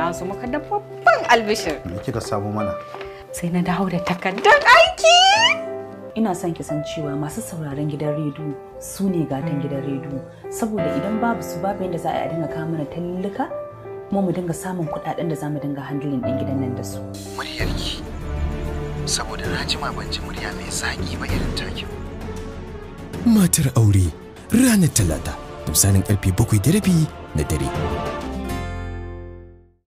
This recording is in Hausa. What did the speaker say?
na zo maka da babban albishir me kika samu mana sai na dawo da takardar aiki ina son ki san cewa masu sauraron gidan rediyo su ne gatan gidan rediyo saboda idan babu su babu yadda za a dinga kawo mana tallika kuma mu dinga samun kuɗaɗen da za mu dinga handling ɗin gidan nan da su muryarki saboda na jima ban ji murya mai zaƙi ba irin takin matar aure ranar talata da misalin karfe bakwai da rabi na dare